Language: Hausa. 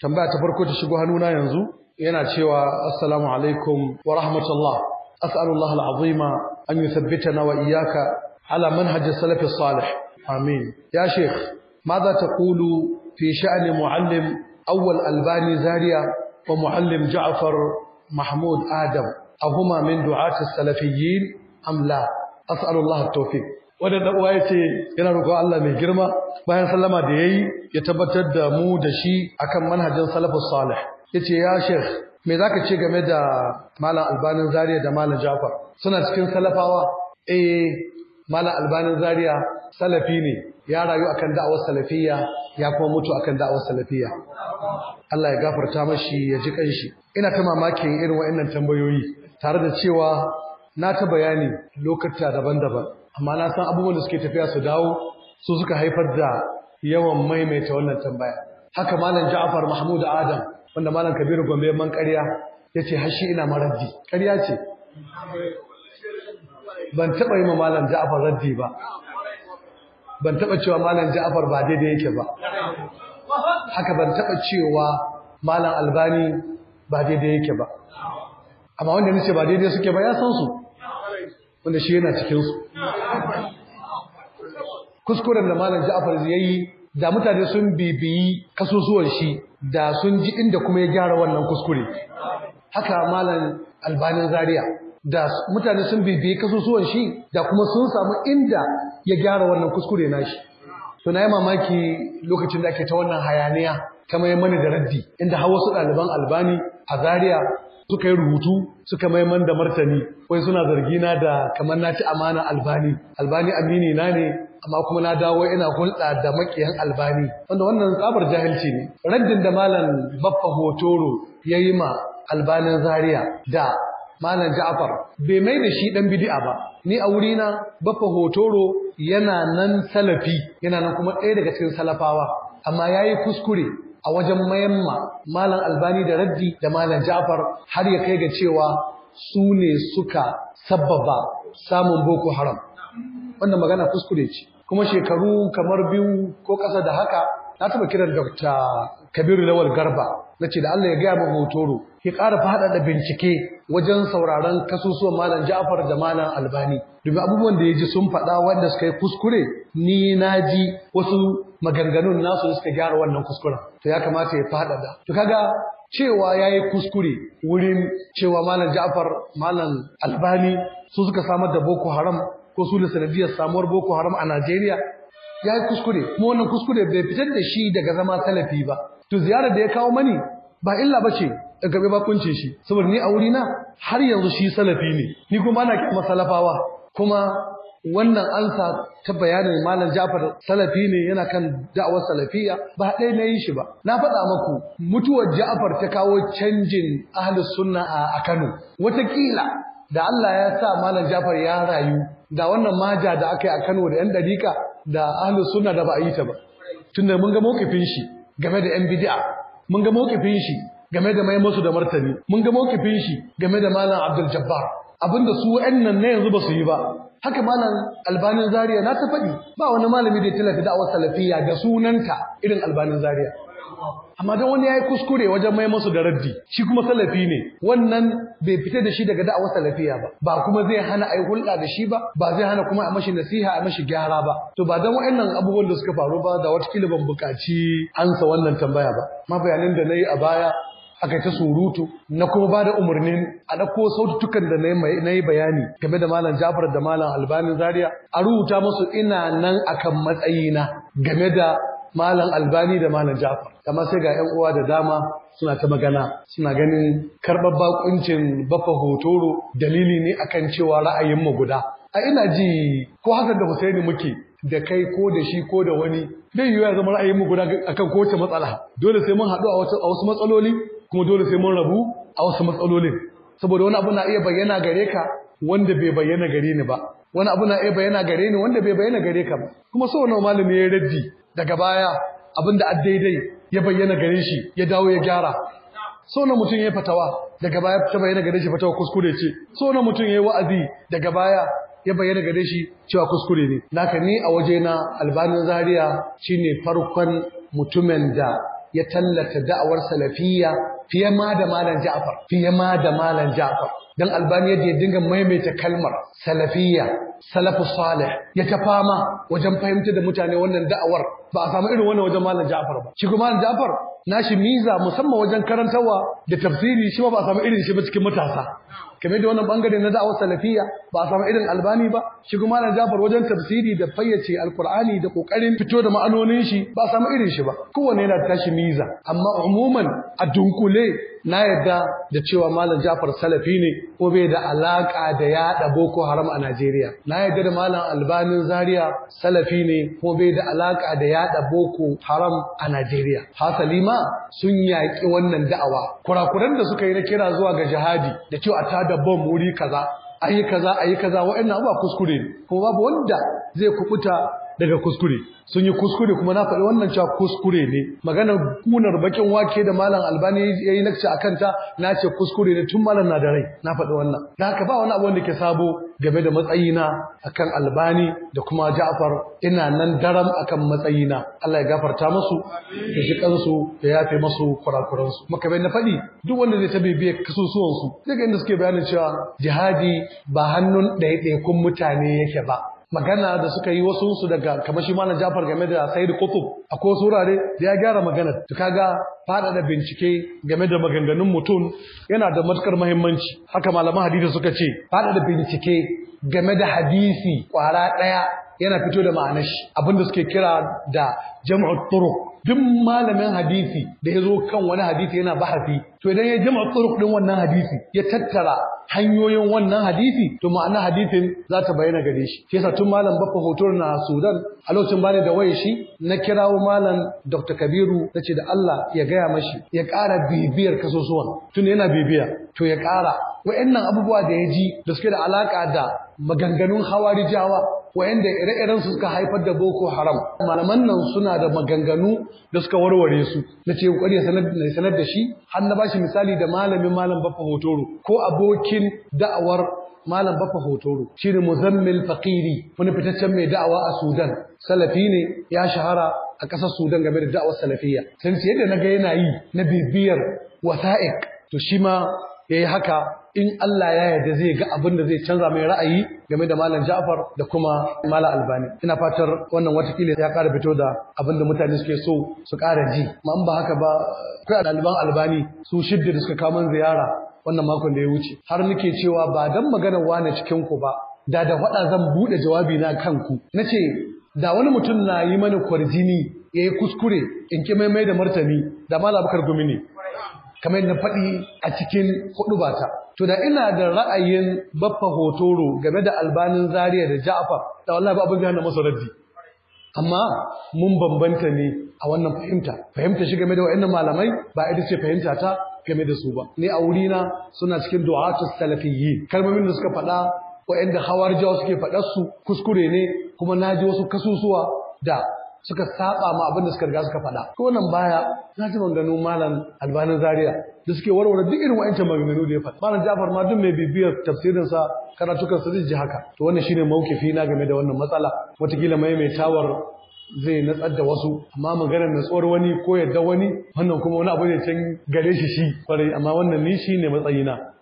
tambaya ta farko ta shigo hannuna yanzu yana cewa assalamu alaikum wa rahmatullah as'alu Allah al-azima an yuthabbitana wa iyyaka ala manhaj as-salaf as-salih amin ya sheikh ماذا تقول في شأن معلم أول ألباني زاريا ومعلم جعفر محمود آدم أهما من دعاة السلفيين أم لا أسأل الله التوفيق wanda da uwa yace yana roƙon Allah mai girma bayan sallama da yayi ya tabbatar da mu da shi akan manhajin salafus salih yace ya sheikh me zaka ce game da malam albanin zaria da malam jafar suna cikin salafawa eh malam albanin zaria salafi ne ya rayu akan da'awar salafiyya ya kuma mutu akan da'awar salafiyya Allah ya gafarta mashi ya ji kanshi ina ta mamakin irin wa'annan tambayoyi tare da cewa na ta bayani lokuta daban-daban amma na san abubuwan da suke tafiya su dawo su suka haifar da yawan maimaita wannan tambaya haka malam Ja'far Mahmud Adam wanda malam Kabiru Gombe man ƙarya ce hashi ina maraddi ƙarya ce ban taɓa yi ma malam Ja'far raddi ba ban taɓa cewa malam Ja'far ba daidai yake ba haka ban taɓa cewa malam Albani ba daidai yake ba amma wanda nace ba daidai suke ba ya san su wanda shi yana cikin su kuskuren da malam Ja'far yayi da mutane sun bibiyi kasusuwan shi da sun ji inda kuma ya gyara wannan kuskure haka malam albanin zaria da mutane sun bibiyi kasusuwan shi da kuma sun samu inda ya gyara wannan kuskure nashi to na yi mamaki lokacin da ake ta wannan hayaniya ta yi mani da raddi inda hawa wasu ɗaliban albani a Zariya. suka yi rubutu suka maiman da martani wai suna zargi na da kamar na ci amana albani albani amini na ne amma kuma na dawo ina hulɗa da makiyan albani wanda wannan tsabar jahilci ne raddin da malam baffa hotoro ya yi ma albanin zaria da malam ja'afar bai mai da shi ɗan bidi'a ba ni a wurina baffa hotoro yana nan salafi yana nan kuma ɗaya daga cikin salafawa amma ya yi kuskure a wajen mayamma malam albani da raddi da malam ja'far har ya kai ga cewa su ne suka sababa samun boko haram wannan magana kuskure ce kuma shekaru kamar biyu ko ƙasa da haka na taɓa kiran Dr. Kabiru Lawal Garba na ce da Allah ya gaya min hotoro ya ƙara faɗaɗa bincike wajen sauraron kasusuwan Malam Ja'far da Malam Albani domin abubuwan da ya ji sun faɗa wanda suka yi kuskure ni na ji wasu maganganun nasu suka gyara wannan kuskuren to ya kamata ya faɗaɗa to kaga cewa ya yi kuskure wurin cewa malam ja'far malam albani su suka samar da boko haram ko su da sanadiyar samuwar boko haram a najeriya ya yi kuskure kuma wannan kuskure bai fitar da shi daga zama salafi ba to ziyarar da ya kawo mani ba illa ba ce gabe bakuncin shi saboda ni a wurina har yanzu shi salafi ne ni kuma ana kyamar salafawa kuma wannan ansa ta bayanin malam Ja'far salafi ne yana kan da'awar salafiya ba ɗaya na yi shi ba na faɗa maku mutuwar Ja'far ta kawo canjin ahli sunna a Kano wataƙila da Allah ya sa malam Ja'far ya rayu da wannan maja da aka yi a Kano da yan dariƙa da ahlus sunna da ba a yi ta ba tunda mun ga mawkifin shi game da yan bid'a mun ga mawkifin shi game da mai musu da martani mun ga mawkifin shi game da malam Abdul Jabbar abinda su wa'annan na yanzu ba su yi ba haka malam albanin zaria na ta faɗi ba wani malami da ya tallafi da'awar salafiya da sunanta irin albanin zariya amma don wani ya yi kuskure wajen mai masu da raddi shi kuma salafi ne wannan bai fita da shi daga da'awar salafiya ba ba kuma zai hana a yi hulɗa da shi ba ba zai hana kuma a mashi nasiha a mashi gyara ba to ba dan wayannan abubuwan da suka faru ba da wata ban bukaci ansa wannan tambaya ba ma bayanan da yi a baya aka yi ta surutu na kuma ba da umarnin a ɗauko sautukan da na yi bayani game da malam jafar da malam albanin zaria a rubuta masu ina nan akan matsayina game da malam albani da malam jafar amma sai ga yan uwa da dama suna ta magana suna ganin karɓar bakuncin bafa hotoro dalili ne akan cewa ra'ayin mu guda a ina ji ko haka da Husaini muke da kai ko da shi ko da wani zai yiwu zama ra'ayin mu guda akan kowace matsala dole sai mun haɗu a wasu matsaloli kuma dole sai mun rabu a wasu matsalolin saboda wani abu na iya bayyana gare ka wanda bai bayyana gare ni ba wani abu na iya bayyana gare ni wanda bai bayyana gare ka ba kuma so nawa malami ya raddi daga baya abinda a daidai ya bayyana gare shi ya dawo ya gyara so na mutum ya fatawa daga baya ta bayyana gare shi fatawa kuskure ce so na mutum ya wa'azi daga baya ya bayyana gare shi cewa kuskure ne naka ni a waje na albanin zaria shine farkon mutumin da ya tallata da'awar salafiyya fiye ma da malam Ja'far fiye ma da malam Ja'far dan albani yadda ya dinga maimaita kalmar salafiyya salafu salih ya ta fama wajen fahimtar da mutane wannan da'awar ba a samu irin wannan wajen malam Ja'far ba shi kuma malam Ja'far nashi miza musamman wajen karantawa da tafsiri shi ba a samu irin shi ba cikin matasa kame da wannan bangare na da'awar salafiya ba a samu irin albani ba shi kuma na jafar wajen tafsiri da fayyace alkur'ani da kokarin fito da ma'anonin shi ba a samu irin shi ba kowanne yana tashi miza amma umuman a dunkule na yadda da cewa malam Jafar Salafi ne ko bai da alaka da yaɗa Boko Haram a Najeriya na yadda da malam Albanin Zariya Salafi ne ko bai da alaka da yaɗa Boko Haram a Najeriya hasali ma sun yaƙi wannan da'awa kurakuran da suka yi na kira zuwa ga jihadi da cewa ta da bom wuri kaza ayi kaza ayi kaza wa'annan abuwa kuskure ne kuma babu wanda zai kubuta daga kuskure sun yi kuskure kuma na faɗi wannan cewa kuskure ne maganar kunar bakin wake da malam albani ya yi nakci a kanta na ce kuskure ne tun malam na da rai na faɗi wannan da haka ba wani abu wanda ke sabo game da matsayina akan albani da kuma ja'far ina nan daram akan matsayina Allah ya gafarta masu, da shi kansu da yafe musu kurakuransu maka na faɗi duk wanda zai ta bibiye kasusuwansu daga inda suke bayanin cewa jihadi ba hannun ɗaiɗaikun mutane yake ba magana da suka yi wasu su daga kamar shi mana Jafar game da Sayyid Qutb akwai surare da ya gyara magana to kaga faɗaɗa bincike game da maganganun mutum yana da matukar muhimmanci haka malaman hadisi suka ce faɗaɗa bincike game da hadisi kwara ɗaya yana fito da ma'anar shi abinda suke kira da jam'u turuq duk malamin hadisi da ya zo kan wani hadisi yana bahasi to idan ya jamau turuq din wannan hadisi ya tattara hanyoyin wannan hadisi to ma'ana hadisin za ta bayyana gare shi shi sa tun malam baffa hotor na Sudan a lokacin bani da waye shi na kirawo malam Dr. Kabiru nace da Allah ya gaya mashi ya ƙara bibiyar kasosuwan. tun yana bibiya to ya ƙara wa'annan abubuwa da ya ji da suke da alaƙa da maganganun rijawa? wayanda ire-iren su suka haifar da boko haram malaman nan suna da maganganu da suka warware su na ce kokari ya sanar da shi har na bashi misali da malamin malam baffa hotoro ko abokin da'awar malam baffa hotoro shine muzammil faqiri wani fitaccen mai da'awa a sudan salafi ne ya shahara a ƙasar sudan game da da'awar salafiyya sai yadda na ga yana yi na bibiyar wasa'iq to shi ma ya yi haka in Allah ya yarda zai ga abin da zai canza mai ra'ayi game da Malam Ja'far da kuma Malam Albani ina fatar wannan watakila ya ƙara fito da abin da mutane suke so su ƙara ji Ma ba haka ba kai a ɗaliban Albani su shidda da suka kawo ziyara wannan makon da ya wuce har nake cewa ba dan maganar wane cikin ku ba da da faɗa zan buɗe jawabi na kanku ce da wani mutum na yi mana kwarjini ya yi kuskure in ki maimai da martani da Malam Bakar Gumi ne kamar na faɗi a cikin hudu ta. to da ina da ra'ayin baffa hotoro game da albanin Zariya da ja'far da wallahi ba abin da masa raddi amma mun bambanta ne a wannan fahimta fahimta shi game da wa'annan malamai ba ita ce fahimta ta game da su ba ni a wurina suna cikin du'atus salafiyyi kalmomin da suka faɗa wa'anda hawar jawa suke faɗar su kuskure ne kuma na ji wasu kasusuwa da suka saba ma abin da suka riga suka faɗa ko nan baya na ji maganganu malam albanin zaria da suke warware duk irin wa'ancan maganganu da ya faɗa malam jafar ma duk mai bibiyar tafsirin sa karatukan sa zai ji haka to wannan shine mawkifi na game da wannan matsala Wataƙila maimaitawar zai natsar da wasu amma maganar natsuwar wani ko yadda wani wannan kuma wani abu ne can gare shi shi kwarai amma wannan ni shi ne matsayina